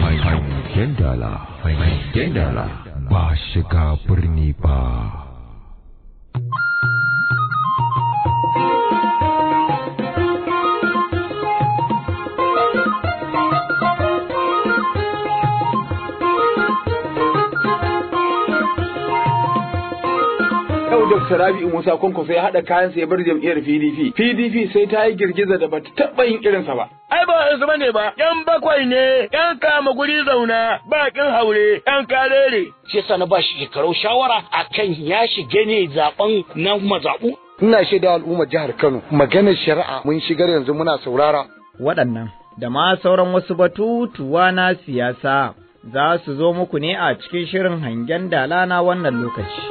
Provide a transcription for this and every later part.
hangen dala ba shiga birni ba Dr. Rabi'u Musa Kwankwaso ya haɗa kayansa ya bar jam'iyyar PDP. PDP sai ta yi girgiza da bata taɓa yin irinsa ba. ai ba su bane ba yan bakwai ne yan kama guri zauna bakin haure yan karere shi sa na ba shi shekarau shawara akan ya shige ne zaben na mazabu ina shaida al'ummar jihar Kano maganar shari'a mun shigar yanzu muna saurara waɗannan da ma sauran wasu batutuwa na siyasa za su zo muku ne a cikin shirin hangen dalana wannan lokaci.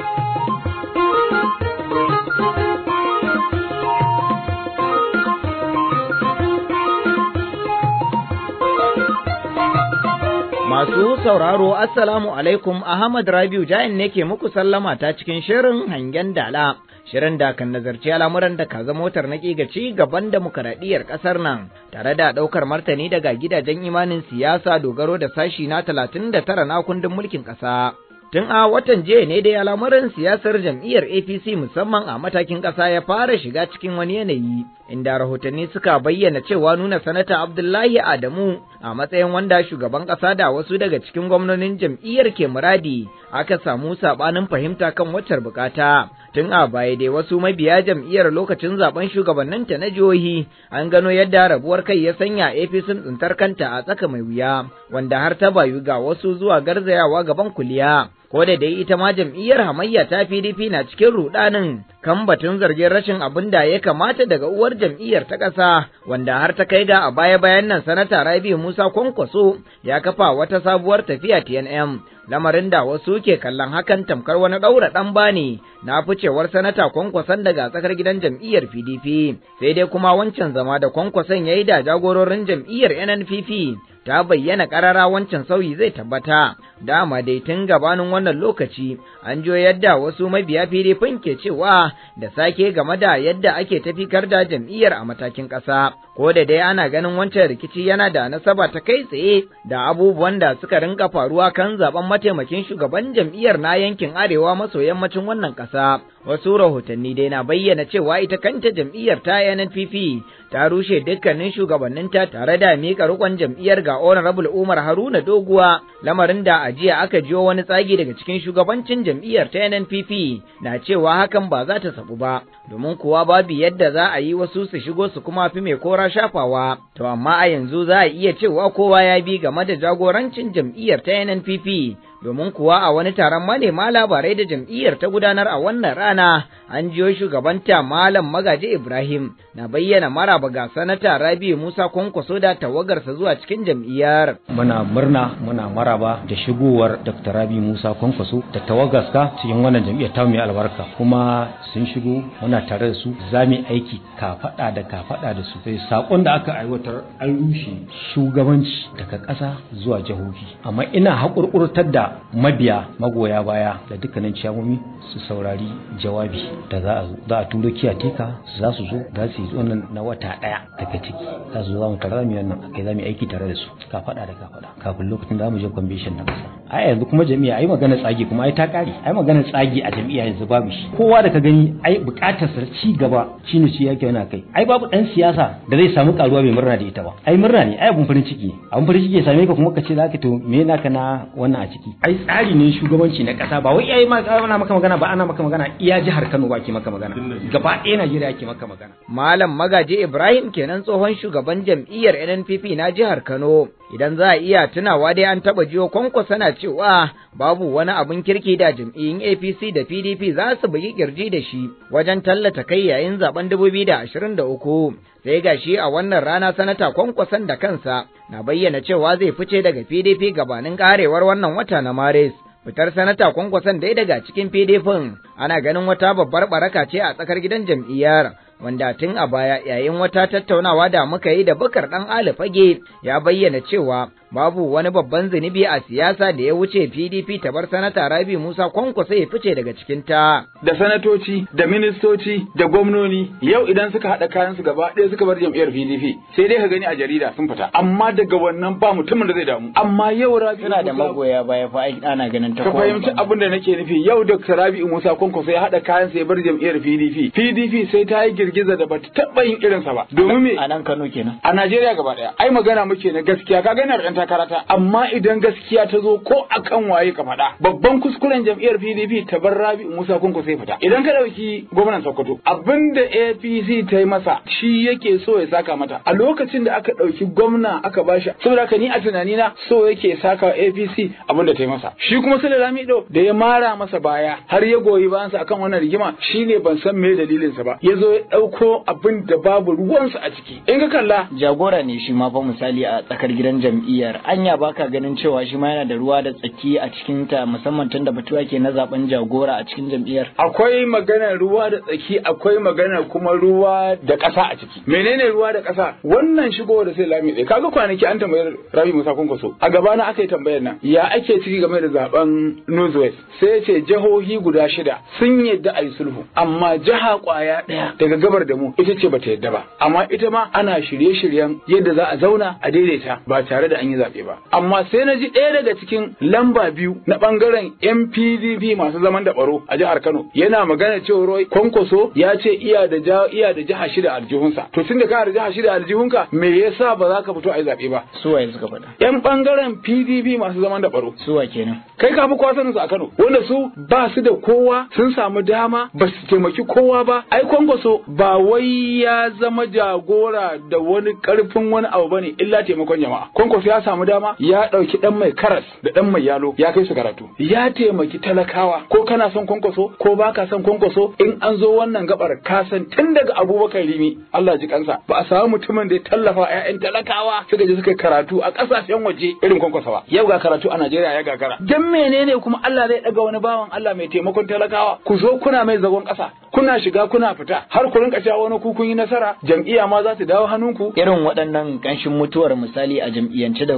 Masu sauraro Assalamu alaikum Ahmad Rabiu Jain ne ke muku sallama ta cikin shirin hangen dala. Shirin da kan nazarci al'amuran da ka zama motar na ga ci gaban demokaradiyyar ƙasar nan, tare da ɗaukar martani daga gidajen imanin siyasa dogaro da sashi na talatin da tara na kundin mulkin ƙasa. Tun a watan jiya ne dai al'amuran siyasar jam'iyyar APC musamman a matakin ƙasa ya fara shiga cikin wani yanayi, inda rahotanni suka bayyana cewa nuna sanata Abdullahi Adamu a matsayin wanda shugaban ƙasa da wasu daga cikin gwamnonin jam'iyyar ke muradi aka samu saɓanin fahimta kan wacce bukata. tun a baya dai wasu mabiya jam'iyyar lokacin zaben shugabanninta na jihohi an gano yadda rabuwar kai ya sanya APC tsintar kanta a tsaka mai wuya wanda har ta bayu ga wasu zuwa garzayawa gaban kuliya ko da dai ita ma jam'iyyar hamayya ta PDP na cikin rudanin kan batun zargin rashin abin da ya kamata daga uwar jam'iyyar ta ƙasa wanda har ta kai ga a baya bayan nan sanata Rabi Musa Kwankwaso ya kafa wata sabuwar tafiya TNM lamarin da wasu ke kallon hakan tamkar wani ɗaura ɗan bani na ficewar sanata kwankwason daga tsakar gidan jam'iyyar PDP sai dai kuma wancan zama da kwankwason ya yi da jagororin jam'iyyar NNPP ta bayyana ƙarara wancan sauyi zai tabbata dama dai tun gabanin wannan lokaci an jo yadda wasu mabiya firifin ke cewa da sake game da yadda ake tafikar da jam'iyyar a matakin ƙasa ko da dai ana ganin wancan rikici yana da nasaba ta kai tsaye da abubuwan da suka rinka faruwa kan zaben mataimakin shugaban jam'iyyar na yankin arewa maso yammacin wannan ƙasa wasu rahotanni dai na bayyana cewa ita kanta jam'iyyar ta NNPP ta rushe dukkanin shugabanninta tare da miƙa rikon jam'iyyar ga Honorable Umar Haruna Doguwa lamarin da a jiya aka jiyo wani tsagi daga cikin shugabancin jam'iyyar ta NNPP na cewa hakan ba za ta sabu ba domin kuwa babu yadda za a yi wasu su shigo su kuma fi mai kora shafawa to amma a yanzu za a iya cewa kowa ya bi game da jagorancin jam'iyyar ta NNPP domin kuwa a wani taron manema labarai da jam'iyyar ta gudanar a wannan rana an jiyo shugabanta malam magaji ibrahim na bayyana maraba ga sanata rabi musa kwankwaso da tawagarsa zuwa cikin jam'iyyar muna murna muna maraba da shigowar dr rabi musa kwankwaso da tawagarsa cikin wannan jam'iyyar ta mai albarka kuma sun shigo muna tare da su za mu aiki kafada da kafada da su sai eh, sakon da aka aiwatar an rushe shugabanci daga ƙasa zuwa jihohi amma ina haƙurƙurtar da mabiya magoya baya da dukkanin ciyawomi su saurari jawabi da za a turo kiyateka za su zo za su yi wannan na wata daya daga ciki za su zo za mu tare da mu za mu aiki tare da su ka faɗa da ka faɗa kafin lokacin za mu je convention na kasa a yanzu kuma jami'a ai magana tsagi kuma ai ta kare ai magana tsagi a jami'a yanzu babu shi kowa da ka gani ai bukatar sa ci gaba cinu shi yake yana kai ai babu dan siyasa da zai samu karuwa mai murna da ita ba ai murna ne ai abun farin ciki abun farin ciki ya same ka kuma ka ce za ka to me naka na wannan a ciki ai tsari ne shugabanci na kasa ba wai ai ana maka magana ba ana maka magana iya jihar Kano ba ke maka magana gaba ɗaya Najeriya ke maka magana malam magaji Ibrahim kenan tsohon shugaban jam'iyyar NNPP na jihar Kano idan za a iya tunawa dai an taba jiyo kwankwasa na cewa babu wani abin kirki da jam'iyyun APC da PDP za su bugi kirji da shi wajen tallata kai yayin zaben 2023 sai gashi a wannan rana sanata kwankwason da kansa na bayyana cewa zai fice daga PDP gabanin karewar wannan wata na Maris. Fitar sanata kwankwason dai daga cikin PDP ana ganin wata babbar baraka ce a tsakar gidan jam'iyyar wanda tun a baya yayin wata tattaunawa da muka yi da bakar ɗan Fage ya bayyana cewa babu wani babban zunubi a siyasa da ya wuce PDP ta bar sanata Rabi Musa sai ya fice daga cikin ta. Da sanatoci, da ministoci, da gwamnoni yau idan suka haɗa kayan su gaba ɗaya suka bar jam'iyyar PDP sai dai ka gani a jarida sun fita. Amma daga wannan ba mutumin da zai damu. Amma yau Rabi Tana da magoya baya fa ana ganin ta Ka fahimci abin da nake nufi yau Dr. Rabi Musa sai ya haɗa kayan sa ya bar jam'iyyar PDP. PDP sai ta yi girgiza da bata taɓa yin sa ba domin me a nan Kano kenan a Najeriya gaba ɗaya. ai magana muke na gaskiya ka gani da takara ta amma idan gaskiya ta zo ko a kan waye ka faɗa babban kuskuren jam'iyyar PDP ta bar Rabi Musa Kunku sai fita idan ka ɗauki gwamnan Sokoto abinda APC ta yi masa shi yake so ya saka mata a lokacin da aka ɗauki gwamna aka ba shi, saboda haka ni a tunani na, so yake saka APC abinda ta yi masa shi kuma Sule Lamido da ya mara masa baya har ya goyi bayansa akan wannan rigima shine ban san me dalilinsa ba ya zo ɗauko abin da babu ruwansu a ciki in ka kalla jagora ne shi ma fa misali a tsakar gidan jam'iyyar anya baka ganin cewa shi ma yana da ruwa da tsaki a cikin ta musamman tunda batuwa ke na zaben jagora a cikin jam'iyyar akwai magana ruwa da tsaki akwai magana kuma ruwa da ƙasa a ciki menene ruwa da ƙasa wannan shigo da sai lami kaga kwanaki an tambayar Rabi Musa Kunkoso a gaba na aka yi tambayar nan ya ake ciki game da zaben Northwest sai ce jihohi guda shida sun yadda a yi sulhu amma jiha kwaya ɗaya daga gabar da mu ita ce bata yadda ba amma ita ma ana shirye-shiryen yadda za a zauna a daidaita ba tare da an yi zaɓe ba amma sai na ji ɗaya daga cikin lamba biyu na ɓangaren MPDP masu zaman da ɓaro a jihar Kano yana magana cewa Roy Kwankwaso ya ce iya da iya da jiha shida aljihunsa to tun da ka da jiha shida aljihunka me yasa ba za ka fito a yi zaɓe ba su yanzu suka faɗa Ƴan ɓangaren PDP masu zaman da ɓaro su wa kenan kai ka fi kwasanin su a Kano wanda su ba su da kowa sun samu dama ba su taimaki kowa ba ai Kwankwaso ba wai ya zama jagora da wani karfin wani abu bane illa taimakon jama'a kwankwaso ya samu dama ya dauki dan mai karas da dan mai yalo ya kai su karatu ya taimaki talakawa ko kana son kwankwaso ko baka son kwankwaso in an zo wannan gabar ka san tun daga abubakar rimi Allah ji kansa ba a samu mutumin da ya tallafa ƴaƴan talakawa suka je suka karatu a kasashen waje irin kwankwaso ba yau ga karatu a Najeriya ya gagara dan menene kuma Allah zai daga wani bawan Allah mai taimakon talakawa ku zo kuna mai zagon kasa kuna shiga kuna fita har ku rinka cewa wani ku kun yi nasara jam'iyya ma za ta dawo hannunku irin waɗannan ƙanshin mutuwar misali a jam'iyyance da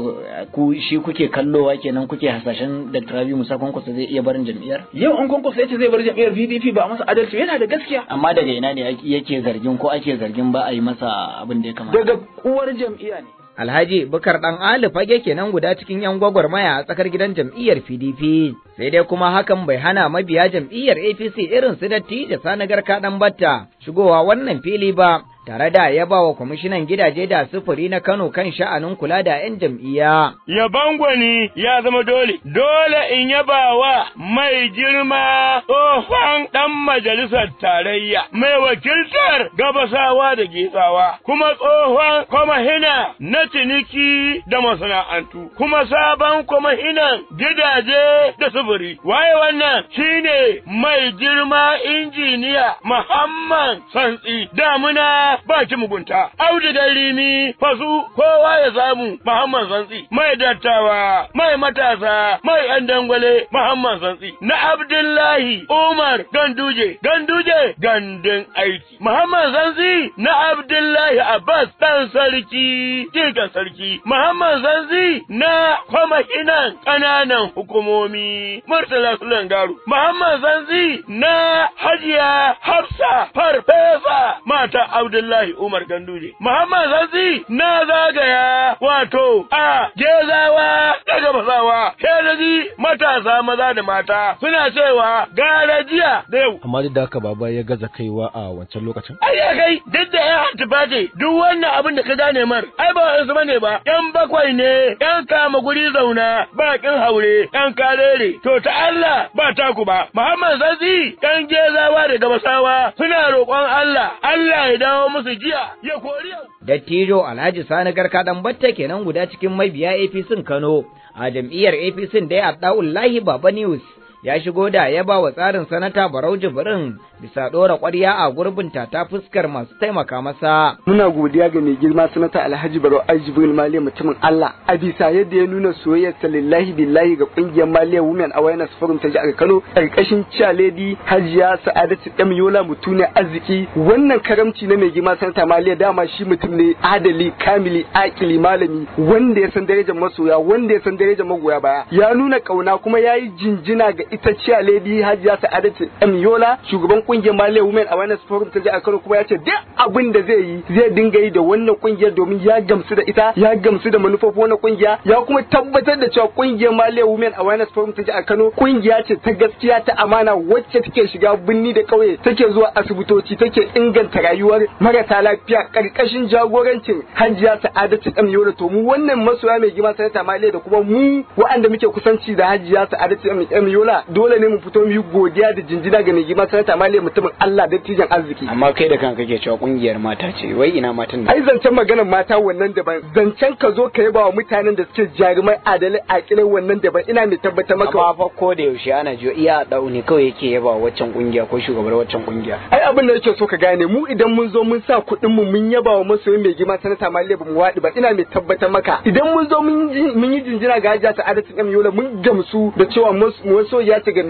ku shi kuke kallowa kenan kuke hasashen da Rabi Musa Kwankwaso zai iya barin jam'iyyar yau an Kwankwaso ce zai bar jam'iyyar VDP ba a masa adalci yana da gaskiya amma daga ina ne yake zargin ko ake zargin ba a yi masa abin da ya kamata daga uwar jam'iyya ne Alhaji Bukar ɗan Ali fage kenan guda cikin 'yan gwagwarmaya a tsakar gidan jam'iyyar PDP. Sai dai kuma hakan bai hana mabiya jam'iyyar APC irin su datti da sanagar kaɗan batta shigowa wannan fili ba tare da ya ba wa kwamishinan gidaje da sufuri na Kano kan sha'anin kula da 'yan jam'iyya. Ya gwani ya zama dole, dole in yaba wa mai girma tsohon ɗan majalisar tarayya, mai wakiltar gabasawa da gesawa, kuma tsohon kwamahina na ciniki da masana'antu, kuma sabon kwamahinan gidaje da sufuri. Waye wannan shine mai girma injiniya Muhammad Santsi damuna ba ki mugunta audu rimi fasu kowa ya samu muhammad santsi mai dattawa mai matasa mai yan dangwale muhammad santsi na abdullahi umar ganduje ganduje gandun aiki muhammad santsi na abdullahi abbas dan sarki jikan sarki muhammad santsi na kwamahinan ƙananan hukumomi murtala sulan garu muhammad santsi na hajiya hafsa farfesa mata abdullahi Abdullahi Umar Ganduje. Muhammad Zanzi na zagaya wato a Gezawa da Gabasawa sai matasa maza da mata suna cewa gara jiya da yau. Amma duk da haka baba ya gaza kaiwa a wancan lokacin. Ai ya kai duk da ya hatifa ce duk wannan abin da ka gane mar ai ba wasu ne ba yan bakwai ne yan kama guri zauna bakin haure yan karere to ta Allah ba taku ba. Muhammad Zanzi yan Gezawa da Gabasawa suna roƙon Allah Allah ya dawo musu jiya ya kori Dattijo Alhaji Sani Garka dan batta kenan guda cikin mabiya APC Kano a jam'iyyar APC da ya Abdaullahi Baba News. ya shigo da ya ba wa tsarin sanata Barau Jibrin bisa ɗora ƙwarya a gurbin ta ta fuskar masu taimaka masa. Muna godiya ga mai girma sanata Alhaji Barau Ajibul Maliya mutumin Allah a bisa yadda ya nuna soyayyarsa lillahi billahi ga ƙungiyar Maliya Women Awareness Forum ta jihar Kano ƙarƙashin Lady Hajiya Sa'adatu dan Yola arziki wannan karamci na mai girma sanata Maliya dama shi mutum ne adali kamili akili malami wanda ya san darajar masoya wanda ya san darajar magoya baya ya nuna ƙauna kuma ya yi jinjina ga ita ce a lady hajiya sa'adatu m yola shugaban kungiyar malay women awareness forum ta jihar kano kuma ya ce duk abin da zai yi zai dinga yi da wannan kungiyar domin ya gamsu da ita ya gamsu da manufofin wannan kungiya ya kuma tabbatar da cewa kungiyar malay women awareness forum ta a kano kungiya ce ta gaskiya ta amana wacce take shiga binni da kauye take zuwa asibitoci take inganta rayuwar marasa lafiya karkashin jagorancin hajiya sa'adatu m yola to mu wannan masoya mai gima sanata male da kuma mu wa'anda muke kusanci da hajiya sa'adatu m yola dole ne mu fito mu yi godiya da jinjina ga mai girma sanata maliya mutumin Allah da tijan arziki amma kai da kanka ke cewa kungiyar mata ce wai ina matan da ai zancen maganar mata wannan daban zancen ka zo ka yaba wa mutanen da suke jarumai adalai akilai wannan daban ina mai tabbatar maka amma fa ko da yaushe ana jiyo iya dauni kawai yake yaba wa waccan kungiya ko shugabar waccan kungiya ai abin da yake so ka gane mu idan mun zo mun sa kuɗin mu mun yaba wa masoyin mai girma sanata maliya bamu waɗi ba ina mai tabbatar maka idan mun zo mun yi jinjina ga hajjata adatin yola mun gamsu da cewa masoyi ya ce ga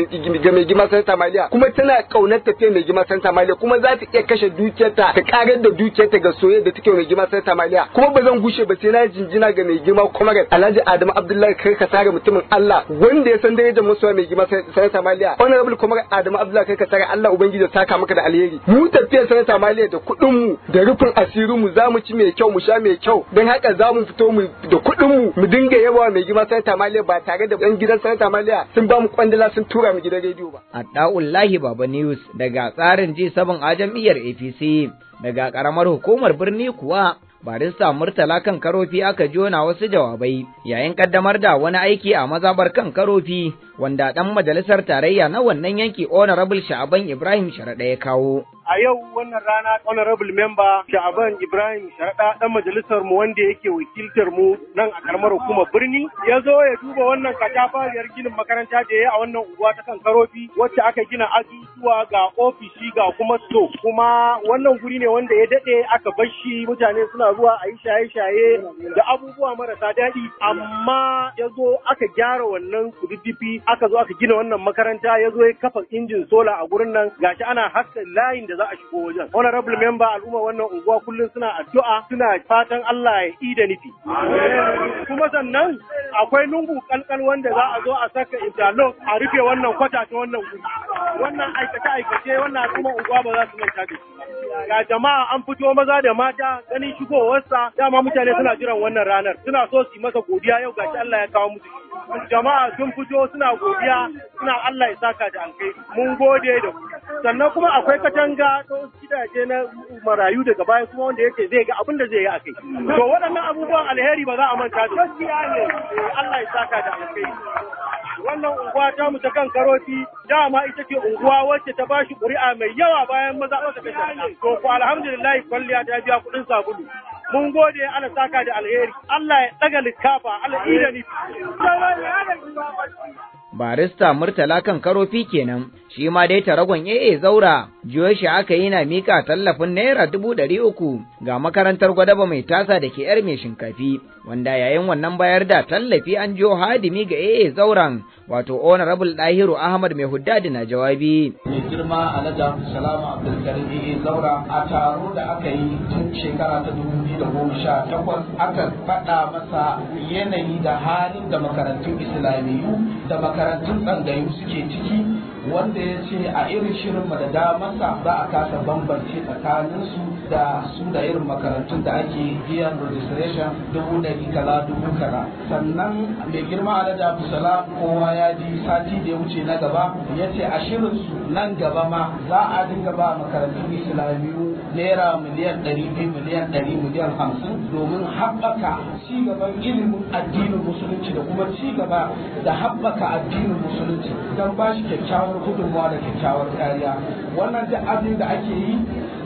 mai gima san samaliya kuma tana kaunar tafiya mai gima san maliya kuma za ta iya kashe dukiyarta ta karar da dukiyarta ga soyayya da take mai gima san maliya kuma ba zan gushe ba sai na jinjina ga mai gima kuma ga Alhaji Adamu Abdullahi kai ka sare mutumin Allah wanda ya san yadda masoya mai gima santa maliya honorable kuma Adamu Abdullahi kai ka sare Allah ubangiji ya saka maka da alheri mu tafiya san samaliya da kuɗin mu da rufin asirin mu za mu ci mai kyau mu sha mai kyau don haka za mu fito mu da kuɗin mu mu dinga yabawa mai gima san samaliya ba tare da yan gidan san samaliya sun ba mu kwandala Allah sun tura mu gidan rediyo ba. Adda'ullahi Baba News daga tsarin ji sabon a jam'iyyar APC daga ƙaramar hukumar birni kuwa barista Murtala kan karofi aka jona wasu jawabai yayin kaddamar da wani aiki a mazabar kan karofi wanda ɗan majalisar tarayya na wannan yanki Honorable Sha'aban Ibrahim Sharaɗa ya kawo. a yau wannan rana honorable member Sha'aban Ibrahim Sharaɗa dan majalisar mu wanda yake wakiltar mu nan a karamar hukumar birni ya zo ya duba wannan katafariyar ginin makaranta da ya a wannan unguwa ta kan karofi wacce aka gina ajujuwa ga ofishi ga kuma to kuma wannan guri ne wanda ya dade, aka bar shi mutane suna zuwa a yi shaye-shaye da abubuwa marasa daɗi amma ya zo aka gyara wannan kududdufi aka zo aka gina wannan makaranta ya zo ya kafa injin sola a gurin nan gashi ana haska layin da za a shigo wajen. Honorable member al'umma wannan unguwa kullum suna addu'a suna fatan Allah ya yi da nufi. Kuma sannan akwai lungu kalkal wanda za a zo a saka interlock a rufe wannan kwata ta wannan guri. Wannan aikace aikace wannan al'umma unguwa ba za su manta da shi. Ga jama'a an fito maza da mata ganin shigowarsa dama mutane suna jiran wannan ranar suna so su yi masa godiya yau gashi Allah ya kawo musu jama'a sun fito suna godiya suna Allah ya saka da alkai mun gode da ku sannan kuma akwai katanga ta gidaje na marayu daga baya kuma wanda yake zai ga abin da zai yi a kai to waɗannan abubuwan alheri ba za a manta da su eh, Allah ya saka da alheri wannan unguwa ta mu ta kan karoti dama ita ce unguwa wacce ta bashi ƙuri'a mai yawa bayan maza ta kashe to ku alhamdulillah kwalliya ta biya kuɗin sabulu mun gode Allah saka da alheri Allah ya daga likafa Allah barista murtala kan karofi kenan shi ma dai taragon AA zaura jiyo shi aka yi na mika tallafin naira dubu ɗari uku ga makarantar gwadaba mai tasa da ke yar mai shinkafi wanda yayin wannan bayar da tallafi an jiyo hadimi ga AA zauran. wato honorable dahiru ahmad mai huddadi na jawabi mai girma alaja salama abdulkarim zaura a taro da aka yi tun shekara ta dubu biyu da goma sha takwas aka faɗa masa yanayi da halin da makarantun islamiyu da makarantun tsangayu suke ciki wanda ya ce a irin shirin da damansa za a kasa bambance tsakaninsu da su da irin makarantun da ake biyan registration dubu ɗari kala dubu kala sannan mai girma alhaji abdulsalam kowa ya ji sati da ya wuce na gaba ya ce a shirinsu nan gaba ma za a dinga ba makarantun islamiyu naira miliyan ɗari biyu miliyan ɗari miliyan hamsin domin haɓaka cigaban ilimin addinin musulunci da kuma cigaba da haɓaka addinin musulunci don ba shi kyakkyawan gudunmawa da kyakkyawar kariya wannan duk abin da ake yi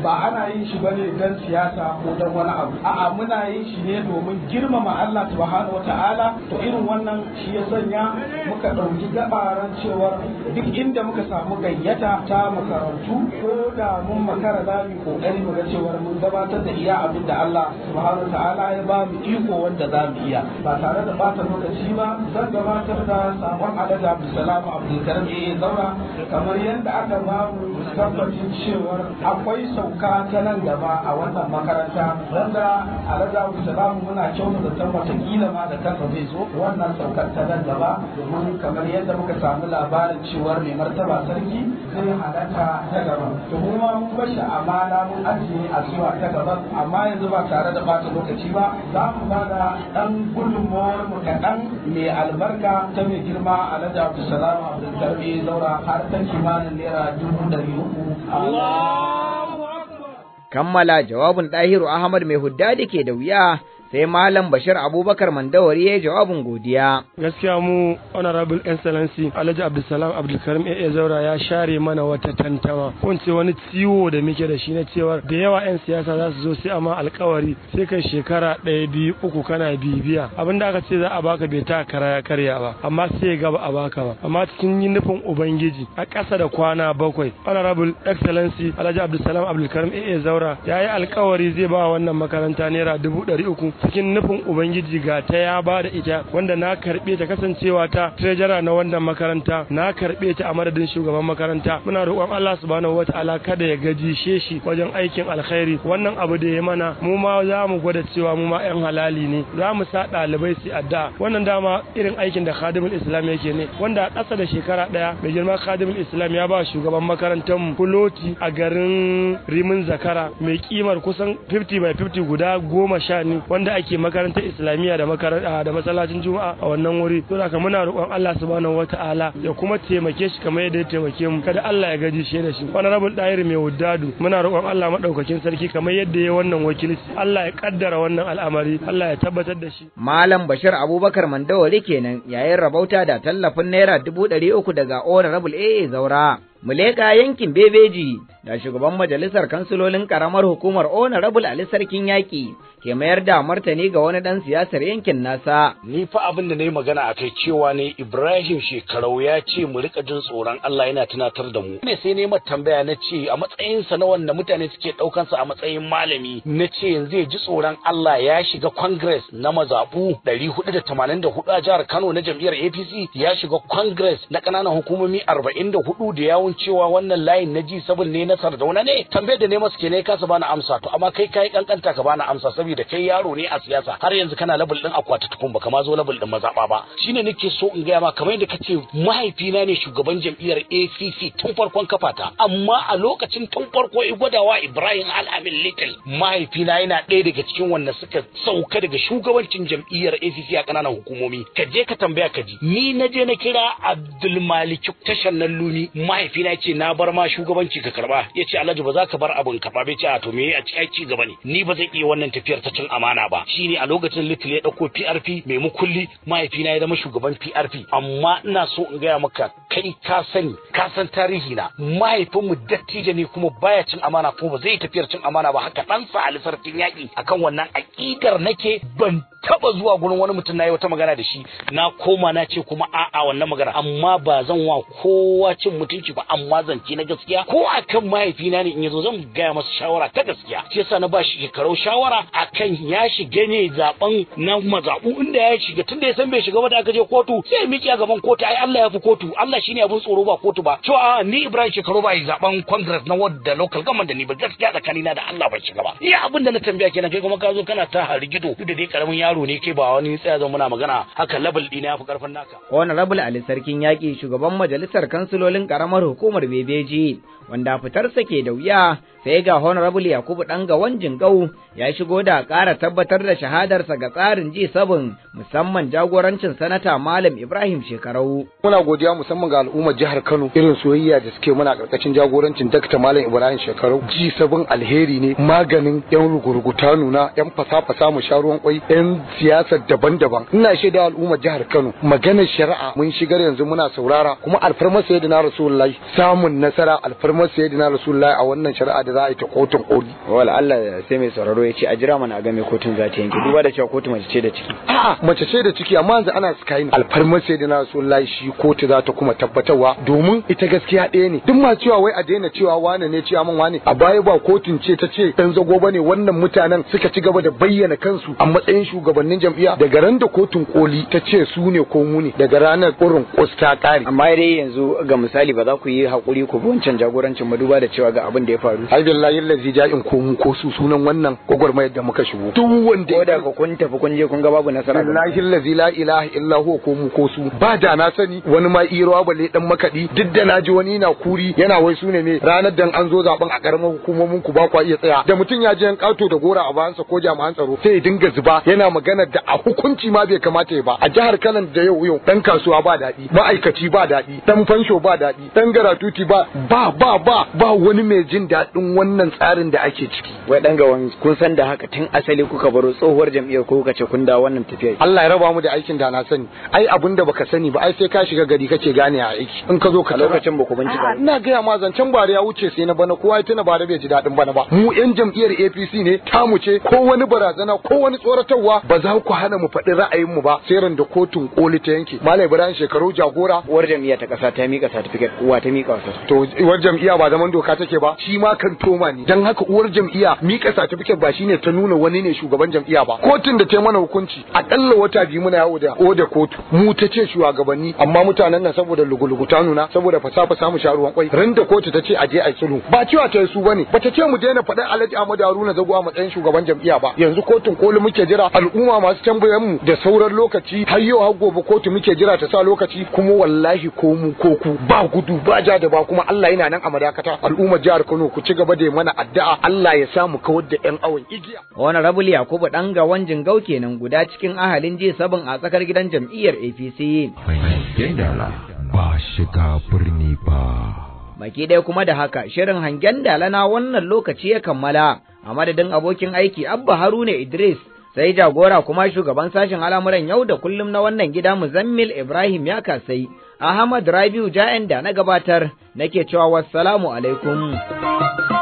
ba ana yin shi bane dan siyasa ko dan wani abu a'a muna yin shi ne domin girmama Allah subhanahu wata'ala to irin wannan shi ya sanya muka ɗauki gabaran cewa duk inda muka samu gayyata ta makarantu ko da mun makara za mu kokari mu ga cewa mun gabatar da iya abin da Allah subhanahu wata'ala ya ba mu iko wanda za mu iya ba tare da bata lokaci ba zan gabatar da sabon Alhaji Abdulsalam Abdulkarim ya zaura kamar yadda aka ba mu tabbacin cewa akwai sau sauka ta nan gaba a wannan makaranta wanda alaja muna salamu muna da ta watakila ma da kansa zai zo wannan saukar ta nan gaba domin kamar yadda muka samu labarin cewar mai martaba sarki zai halatta ta gaba to kuma mun amma na mun ajiye a zuwa ta gaba amma yanzu ba tare da bata lokaci ba za mu da dan gudunmawar mu kaɗan mai albarka ta mai girma raja abu salamu abu zaura har ta kimanin naira dubu ɗari uku. Allah! kammala jawabin ɗahiru Ahmad mai hudda da ke da wuya sai Malam Bashir Abubakar Mandawari ya jawabin godiya. Gaskiya mu Honorable Excellency Alhaji Abdulsalam Abdulkarim AA Zaura ya share mana wata tantama Kun ce wani ciwo da muke da shi na cewa da yawa 'yan siyasa za su zo sai amma alkawari sai kai shekara ɗaya biyu uku kana bibiya abin da aka ce za a baka bai ta karaya karya ba amma sai gaba a baka ba amma cikin yi nufin ubangiji a ƙasa da kwana bakwai Honorable Excellency Alhaji Abdulsalam Abdulkarim AA Zaura ya yi alkawari zai ba wannan makaranta naira dubu ɗari uku cikin nufin ubangiji ga ta ya ba da ita wanda na karɓe ta kasancewa ta trejara na wannan makaranta na karɓe ta a madadin shugaban makaranta muna roƙon Allah subhanahu wataala kada ya gaji sheshi wajen aikin alkhairi wannan abu da ya mana mu ma za mu gwada cewa mu ma yan halali ne za mu sa ɗalibai su addu'a wannan dama irin aikin da khadimul islam yake ne wanda a ƙasa da shekara ɗaya mai girma khadimul islam ya ba shugaban makarantar mu kuloti a garin rimin zakara mai kimar kusan 50 by 50 guda goma sha ne wanda da ake makarantar islamiyya da da masallacin juma'a a wannan wuri to da muna roƙon Allah subhanahu wataala ya kuma taimake shi kamar yadda ya taimake mu kada Allah ya gaji shi da shi honorable dair mai wuddadu muna roƙon Allah madaukakin sarki kamar yadda ya wannan wakilci Allah ya kaddara wannan al'amari Allah ya tabbatar da shi malam bashir abubakar mandawari kenan yayin rabauta da tallafin naira dubu ɗari uku daga honorable AA zaura mu yankin bebeji da shugaban majalisar kansilolin karamar hukumar honorable ali sarkin yaƙi ke mayar da martani ga wani ɗan siyasar yankin nasa ni fa abin da na yi magana a kai cewa ne ibrahim shekarau ya ce mu riƙa jin tsoron allah yana tunatar da mu me sai nema tambaya na ce a matsayinsa na wanda mutane suke ɗaukansa a matsayin malami na ce yanzu ya ji tsoron allah ya shiga congress na mazaɓu ɗari hudu da tamanin da hudu a jihar kano na jam'iyyar apc ya shiga congress na ƙananan hukumomi arba'in da hudu da yawun mun cewa wannan layin na ji sabul ne na sardauna ne tambayar da ne masu ke ne kasa bana amsa to amma kai kai kankanta ka bana amsa saboda kai yaro ne a siyasa har yanzu kana labul din akwati tukun baka ma zo labul din mazaba ba shine nake so in gaya ma kamar yadda kace mahaifina ne shugaban jam'iyyar ACC tun farkon kafata amma a lokacin tun farko i gwadawa Ibrahim Al-Amin Little mahaifina yana ɗaya daga cikin wanda suka sauka daga shugabancin jam'iyyar ACC a kananan hukumomi ka je ka tambaya ka ji ni na je na kira Abdul Malik tashan lumi mahaifi mahaifina ce na bar ma shugabanci ka karba ya ce Alhaji ba za ka bar abun karba bai ce a to me a ci ci gaba ne ni ba zan iya wannan tafiyar ta cin amana ba shi ne a lokacin little ya dauko PRP mai mukulli mahaifina ya zama shugaban PRP amma ina so in gaya maka kai ka sani ka san tarihi na mahaifinmu dattijo ne kuma baya cin amana kuma ba zai tafiyar cin amana ba haka sa Ali sarkin yaki akan wannan aƙidar nake ban taba zuwa gurin wani mutum na yi wata magana da shi na koma na ce kuma a'a wannan magana amma ba zan wa kowa cin mutunci ba amma zance na gaskiya ko akan mahaifina ne in yazo zan gaya masa shawara ta gaskiya shi yasa na ba shi shekarau shawara akan ya shiga ne zaben na mazabu inda ya shiga tunda ya san bai shiga ba da aka je kotu sai miki a gaban kotu ai Allah ya fi kotu Allah shine abin tsoro ba kotu ba cewa ni Ibrahim shekaru ba yi zaben congress na wadda local government da ni ba gaskiya tsakanina da Allah ba shiga ba ya abin da na tambaya kenan kai kuma ka zo kana ta harigido duk da dai karamin ya yaro ne ke ba wani tsaya zan muna magana haka level ɗina ya fi karfin naka. Honorable Ali Sarkin Yaƙi shugaban majalisar kansilolin ƙaramar hukumar Bebeji wanda fitarsa ke da wuya sai ga Honorable Yakubu ga Wanjin Gau ya shigo da ƙara tabbatar da shahadarsa ga tsarin ji 7 musamman jagorancin sanata Malam Ibrahim Shekarau. Muna godiya musamman ga al'ummar jihar Kano irin soyayya da suke muna ƙarƙashin jagorancin Dr. Malam Ibrahim Shekarau. G7 alheri ne maganin yan rugurguta nuna yan fasa-fasa mu sha ruwan kwai yan siyasa daban-daban. Ina shaida al'ummar jihar Kano maganar shari'a mun shigar yanzu muna saurara kuma alfarmar sayyidina Rasulullahi samun nasara alfarmar sayyidina Rasulullahi a wannan shari'a yadda za a yi ta kotun koli wal Allah sai mai sauraro ya ce a jira mana a ga mai kotun za ta yanke duba da cewa kotu mace ce da ciki a'a mace ce da ciki amma yanzu ana sky ne alfarmar sai da na so lai shi kotu za ta kuma tabbatarwa domin ita gaskiya ɗaya ne duk ma cewa wai a daina cewa wane ne cewa man wane a baya ba kotun ce ta ce dan zago ne wannan mutanen suka ci gaba da bayyana kansu a matsayin shugabannin jam'iyya daga ran da kotun koli ta ce su ne ko mu ne daga ranar kurin kus ta kare amma dai yanzu ga misali ba za ku yi hakuri ku bi wancan jagorancin mu duba da cewa ga abin da ya faru abdullahi billahi allazi ja'in ko mu ko su sunan wannan gwagwarmayar da muka shigo duk wanda ko da kun tafi kun je kun ga babu nasara billahi allazi la ilaha illa ko mu ko su ba da na sani wani ma irawa balle dan makadi duk da naji wani na kuri yana wai sune ne ranar dan an zo zaben a karamar hukumomin ku ba ku iya tsaya da mutum ya je yan kato da gora a bayansa ko jami'an tsaro sai ya dinga zuba yana magana da a hukunci ma bai kamata ya ba a jihar Kanan da yau yau dan kasuwa ba daɗi ma'aikaci ba daɗi dan fansho ba daɗi dan garatuti ba ba ba ba wani mai jin daɗin wannan tsarin da ake ciki wai dan wani kun san da haka tun asali kuka baro tsohuwar jam'iyyar ko kuka ce kun da wannan tafiya Allah ya raba mu da aikin da na sani ai abin da baka sani ba ai sai ka shiga gari kace gane a aiki in ka zo ka lokacin ba ku ba. ina ga ma zancen bare ya wuce sai na bana kowa ya tuna bare bai ji dadin bana ba mu yan jam'iyyar APC ne tamu ce ko wani barazana ko wani tsoratarwa ba za ku hana mu faɗi ra'ayin mu ba sai ran da kotun koli ta yanke Malam Ibrahim shekaru jagora war jam'iyya ta kasa ta mika satifiket uwa ta mika wasa to war jam'iyya ba zaman doka take ba shi ma kan toma ne dan haka uwar jam'iyya mika certificate ba shine ta nuna wani ne shugaban jam'iyya ba kotun da ta mana hukunci a akalla wata biyu muna yawo da oda kotu mu ta ce shugabanni amma mutanen nan saboda lugulugu ta nuna saboda fasafa samu sharuwan kwai ran da kotu ta ce aje ai sulhu ba cewa ta su bane bata ce mu daina faɗan Alhaji Ahmad Haruna Zago a matsayin shugaban jam'iyya ba yanzu kotun koli muke jira al'umma masu tambayan mu da sauran lokaci har yau har gobe kotu muke jira ta sa lokaci kuma wallahi ko mu ko ku ba gudu ba ja da ba kuma Allah yana nan a madakata al'ummar jihar Kano ku ci gaba gaba da mana addu'a Allah ya samu kawar da yan awon igiya wani rabul yakubu ɗan ga wanjin kenan guda cikin ahalin ji sabon a tsakar gidan jam'iyyar APC ba shiga birni ba Baki ɗaya kuma da haka shirin hangen dala na wannan lokaci ya kammala a madadin abokin aiki Abba Haruna Idris sai jagora kuma shugaban sashen al'amuran yau da kullum na wannan gida Muzammil Ibrahim ya kasai Ahmad Rabiu ja'in da na gabatar nake cewa wassalamu alaikum.